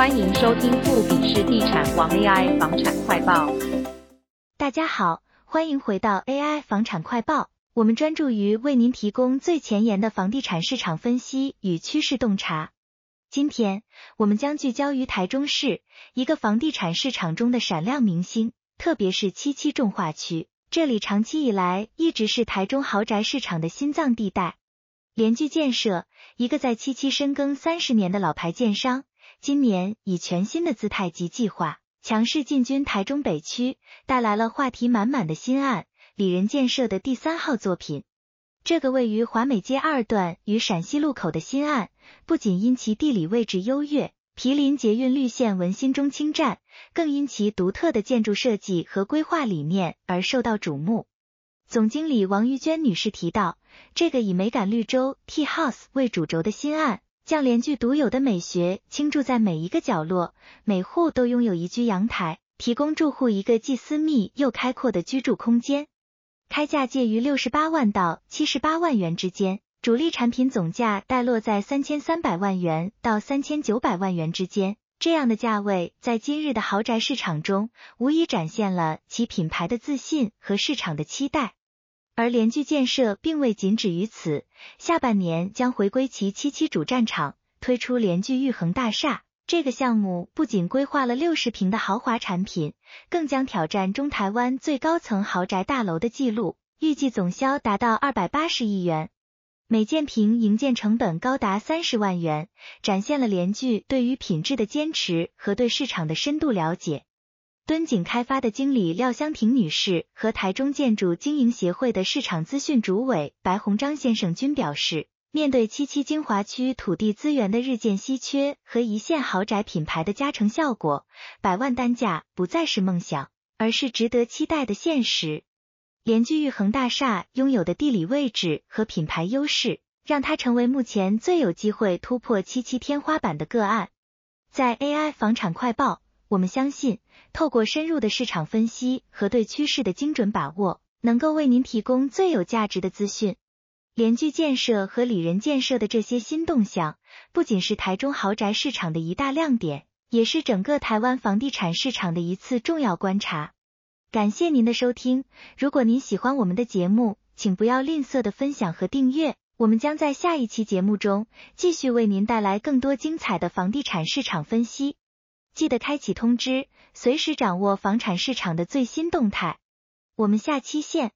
歡迎收聽富比士地產王 AI 房產快報。大家好，歡迎回到 AI 房產快報。我們專注於為您提供最前沿的房地產市場分析與趨勢洞察。今天，我們將聚焦於台中市一個房地產市場中的閃亮明星，特別是七期重劃區，這裡長期以來一直是台中豪宅市場的心臟地帶。聯聚建設，一個在七期深耕三十年的老牌建商。今年以全新的姿態及計劃強勢進軍台中北區，帶來了話題滿滿的新案——理仁建設的第三號作品。這個位於華美街二段與陝西路口的新案，不僅因其地理位置優越，毗鄰捷運綠線文心中清站，更因其獨特的建築設計和規劃理念而受到矚目。總經理王玉娟女士提到，這個以美感綠洲 T House 為主軸的新案。將聯聚獨有的美學傾注在每一個角落，每戶都擁有一居陽台，提供住戶一個既私密又開闊的居住空間。開價介於六十八萬到七十八萬元之間，主力產品總價帶落在三千三百萬元到三千九百萬元之間。這樣的價位在今日的豪宅市場中，無疑展現了其品牌的自信和市場的期待。而聯聚建設並未僅止於此，下半年將回歸其七期主戰場，推出聯聚裕恆大廈。這個項目不僅規劃了六十平的豪華產品，更將挑戰中台灣最高層豪宅大樓的記錄，預計總銷達到二百八十億元，每建平營建成本高達三十萬元，展現了聯聚對於品質的堅持和對市場的深度了解。敦景開發的經理廖湘婷女士和台中建築經營協會的市場資訊主委白洪章先生均表示，面對七期精華區土地資源的日漸稀缺和一線豪宅品牌的加成效果，百萬單價不再是夢想，而是值得期待的現實。聯聚裕恆大廈擁有的地理位置和品牌優勢，讓它成為目前最有機會突破七期天花板的個案。在 AI 房產快報。我們相信，透過深入的市場分析和對趨勢的精準把握，能夠為您提供最有價值的資訊。聯聚建設和理仁建設的這些新動向，不僅是台中豪宅市場的一大亮點，也是整個台灣房地產市場的一次重要觀察。感謝您的收聽，如果您喜歡我們的節目，請不要吝嗇的分享和訂閱。我們將在下一期節目中繼續為您帶來更多精彩的房地產市場分析。記得開啟通知，隨時掌握房產市場的最新動態。我們下期見。